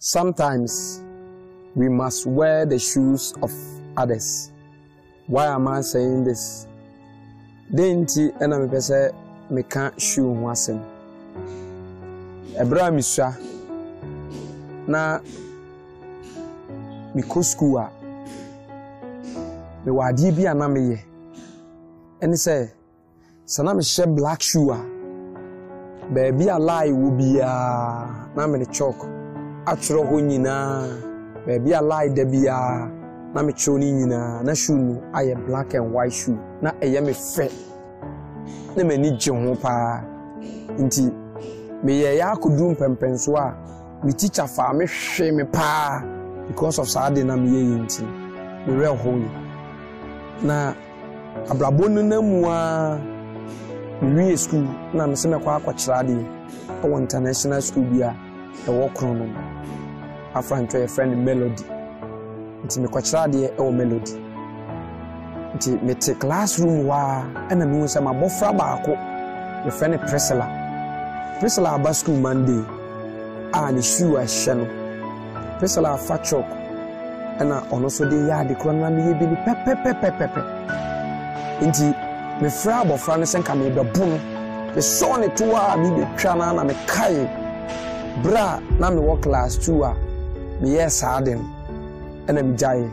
Sometimes we must wear the shoes of others. Why am I saying this? Den nti na mepɛ sɛ meka shoe ho asɛm. Ɛberɛ a mesua na mekɔ me a mewɔ adeɛ bi a na meyɛ ɛne sɛ sɛ na mehyɛ black shoe a baabi a lie wɔ biara na mene chalk atwerɛ hɔ nyinaa baabi a lie da biara na mekyerɛw no nyinaa na shoe no ayɛ black and white shoe na ɛyɛ me fɛ na m'ani gye ho paa nti meyɛ yɛ akɔduru mpɛmpɛnso a me teacher faa me hwe me paa because of saa de na meyɛ yi nti mewerɛ ho yi na abrabɔ no na mu a mewie school na me mesɛ mɛkɔ akɔkyerɛ adeɛ ɛwɔ international school bi a ɛwɔ kron no mu afrantwerɛ yɛfrɛ no melody nti mekɔkyerɛ adeɛ ɛwɔ melody nti mete classroom hɔ a ɛna mehu sɛ mabɔfra baako yɛfrɛ no priscilla priscilla aba school monday a ne shoe ahyɛ no priscilla afa chalk ɛna ɔno nso de yɛ ade korɔ no na meyɛ bi ni pɛpɛpɛpɛpɛ nti mefrɛ abɔfra no sɛ nka merebɛbo no mesɔɔ ne toa a mebɛtwa no a na mekae bra na mewɔ class two a meyɛ saa de no ɛna megyae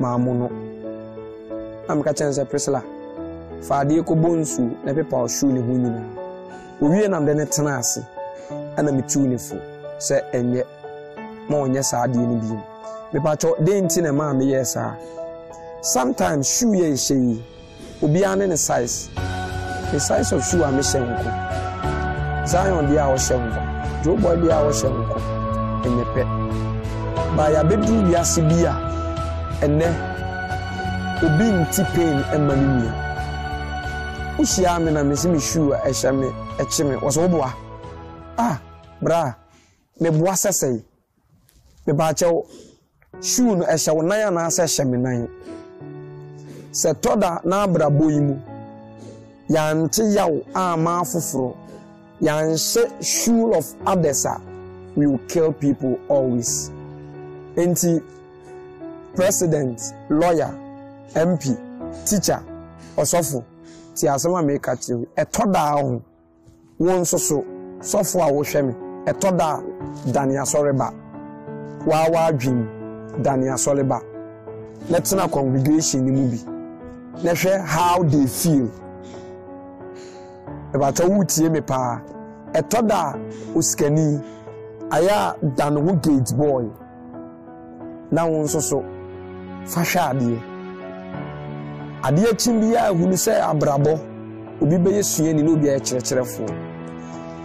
maa mo no na meka kyɛn sɛ prisila fa adeɛ kɔbɔ nsuo na pepa ɔsuo ne ho nyinaa owie nam de ne tena ase ɛna metu ne fo sɛ ɛnyɛ ma ɔnyɛ saa adeɛ no bio mepakyɛ den nti na maa meyɛ saa sometimes shoe yɛ ɛhyɛ yi obiara ne ne size the size of shoe a mehyɛ nko zion deɛ a ɔhyɛ nko duro bi a wɔhyɛ nkɔ nyɛ pɛ na yɛabɛduru wiase bi a ɛnɛ obi nti pain ɛma no nia wohyia me na mesi me shoe a ɛhyɛ me ɛkye me wɔ sɛ woboa ah bra meboa sɛ sɛe mebaakyɛ wo shoe no ɛhyɛ wo nan anaasɛ ɛhyɛ me nan sɛ tɔda n'abrabɔ yi mu yɛante yaw ama afoforɔ yànhyɛ shoe of others a we will kill people always nti president lawyer mp teacher ɔsɔfo ti asɛm a mɛka kyerɛ ɛtɔ daa ho wɔn nso so sɔfo a wɔhwɛ mi ɛtɔ daa dani asɔreba waawa adwim dani asɔreba na tena congregation ne mu bi na hwɛ how they feel. ɛbata tie me paa ɛtɔ da osikani aya a da gate boy na wo nso so fa hwɛ adeɛ adeɛ kyi bi a ehunu sɛ abrabɔ obi bɛyɛ suani na obi ayɛ kyerɛkyerɛfoɔ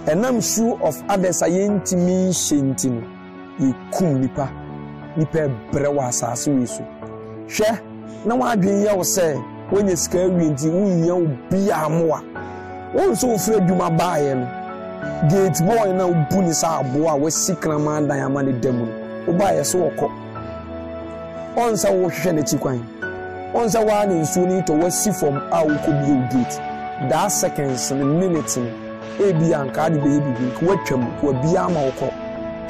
ɛnam shoe of others a yɛntumi nhyɛ nti no yɛkum nipa nipa ɛbrɛ wɔ asase wei so hwɛ na wɔn adwene yɛ wo sɛ wɔnyɛ sika awie nti wɔnyɛ obi a amoa. wɔn nso wofiri adwuma baayɛ no gate boy na bu ne sa aboa a wasi kraman dan ama ne dam no wobaayɛ so wɔkɔ ɔnsa wɔhwehwɛ n'akyi kwan ɔnsa waa ne nsuo no tɔ wasi fam a wokɔ bio gate daa seconds ne minutes no ebi ankaa de bɛyɛ bibi nka watwa mu wa bia ama wɔkɔ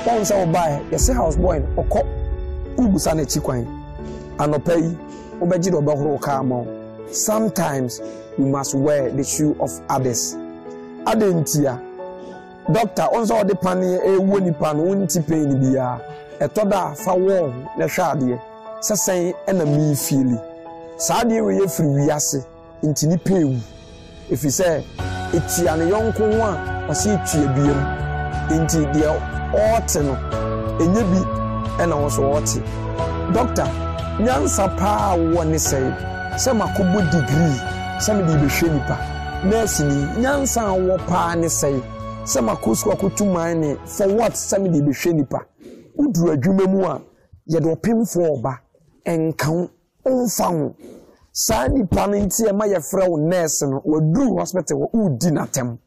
ɔnsa wɔbaayɛ yɛsɛ house boy no ɔkɔ kubusa n'akyi kwan anɔpa yi wobɛgye de ɔbɛhoro kaa ama wo sometimes you must wear the shoe of others Adentia, ntia doctor ọnso ọde panie eh, ewu nipa no wɔn ti pain biara ɛtɔ do a fa wɔn na hwɛ adeɛ sɛsɛn ɛna mii fiili saa adeɛ wɔ yɛ firi wiase nti nipa ewu efiri sɛ etia ne yɔnko ho a ɔsi etua bia nti deɛ ɔɔte no enye bi ɛna wɔn so ɔɔte doctor nyansa paa wɔ ne sɛn sɛ makɔbɔ digrii sɛ mede bɛhwɛ nnipa nɛɛse ni nyansa a wɔ paa ne sɛe sɛ makɔ sukuu akɔtu man ne for what sɛ mede bɛhwɛ nnipa woduru adwuma mu a yɛde ɔpemfoɔ ɔba ɛnka wo ɔmfa ho saa nnipa no nti ɛma yɛfrɛ wo nɛɛse no waduru hospital wɔ wodi n'atɛm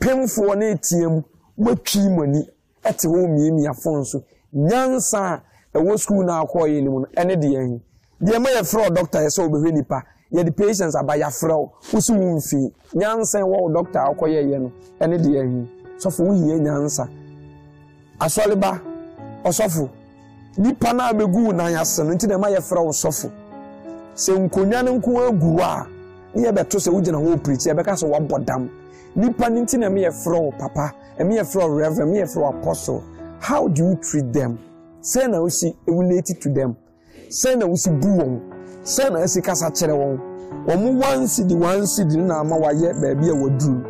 pemfoɔ no etia mu watwi mu ani ɛte hɔ mmiamiafo nso nyansa a ɛwɔ sukuu no akɔɔyɛ no mu no ɛne deɛ ɛho deɛ mo yɛ frɛ doctor yɛ sɛ ɔbɛhwɛ nipa yɛde patients aba yɛafrɛ wo wosi wo mfii nyansa wɔ wo doctor a wokɔyɛyɛ no ɛne deɛ ahi sɔfo wohia nyansa asɔreba ɔsɔfo nipa no a bɛgu wo nan ase no nti na ɛma yɛfrɛ wo sɔfo sɛ nkonnwa no nko agu wo a ne yɛbɛto sɛ wogyina hɔ ɔpirikyi yɛbɛka sɛ woabɔ dam nipa no nti na ɛma yɛfrɛ wo papa ɛma yɛfrɛ wo reverend ɛma yɛfrɛ wo apostle how do you treat them sɛ na wosi relate to them sɛn na wosi bu wɔn sɛn na ɛsi kasa kyerɛ wɔn wɔn wansi di wansi di na ama wayɛ baabi a waduru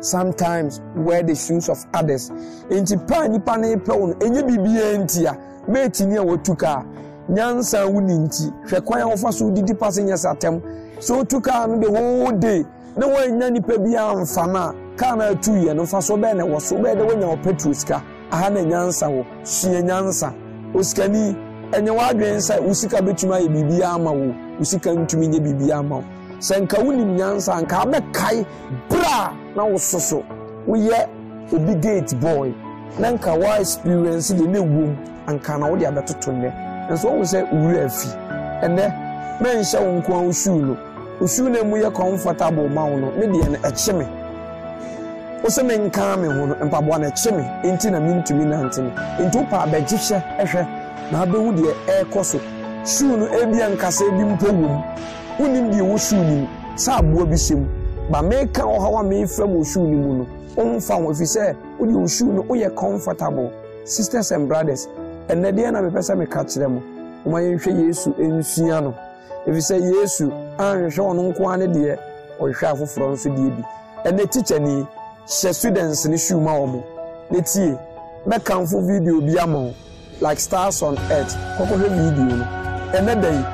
sometimes wear the shoes of others nti paa nipa ne pɛ wɔn enye biribiara nti a meeti ni a wotu kaa nyansa wo ni nti hwɛ kwan a wɔfa so didi pase nyɛ sɛ atɛm so wotu kaa no the whole day na wɔanya nipa bi amfa no a kaa no atu yɛ no mfa so bɛɛ na ɛwɔ so bɛɛ de wɔnya wɔ petro sika aha na nyansa wɔ sua nyansa osikani ɛnyɛ w'adwene sɛ wo sika bɛtumi ayɛ biribiara ama wo wo sika ntumi nyɛ biribiara ama wo sɛ nka wonim nyansa nka abɛkae berɛ a na wo so so woyɛ obi gate boy na nka wa experience de ne wom anka na wode abɛtoto nnɛ nso wohu sɛ wura afi ɛnɛ mɛnhyɛ wo nko a wo no wo shoe no mu yɛ comfortable ma wo no me deɛ no ɛkye me wo sɛ menkaa me ho no mpaboa no ɛkye me enti na mentumi nante no enti wopɛ abɛgye hyɛ ɛhwɛ na abɛhu deɛ ɛrekɔ so shoe no ebia nkasa bi mpo wɔ mu wonim deɛ ɛwɔ shoe no mu saa aboa bi hyɛ mu ba meka ɔhaw a mefrɛ mu shoe no mu no ɔmfa ho ɛfiri sɛ wodeɛ wo shoe no woyɛ comfortable sisters and brothers ɛnɛ deɛ na mepɛ sɛ meka kyerɛ mo ɔma nhwɛ yesu nsua no efisɛ yesu anhwehwɛ ɔno nko ara ne deɛ ɔhwehwɛ afoforɔ nso deɛ bi ɛnɛ tikya ni hyɛ students ne shoe ma wɔn ne tie mɛkamfo video bi ama wɔn like stars on earth kọ́kọ́ hwẹ́ video no ẹnẹ dẹ̀ yìí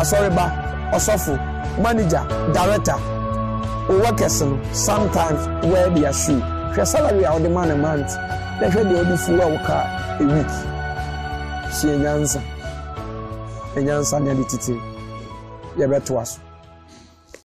asọ́rẹ́ba ọ̀sọ́fo manager director owó kẹsì no sometimes wear their shoe hwẹ́ salary a ọ̀dẹ̀ man a month na hwẹ́ deɛ ɔde full hour car a week hyɛ nyansa nyansa ní ɛde titi yɛ bɛ to aso.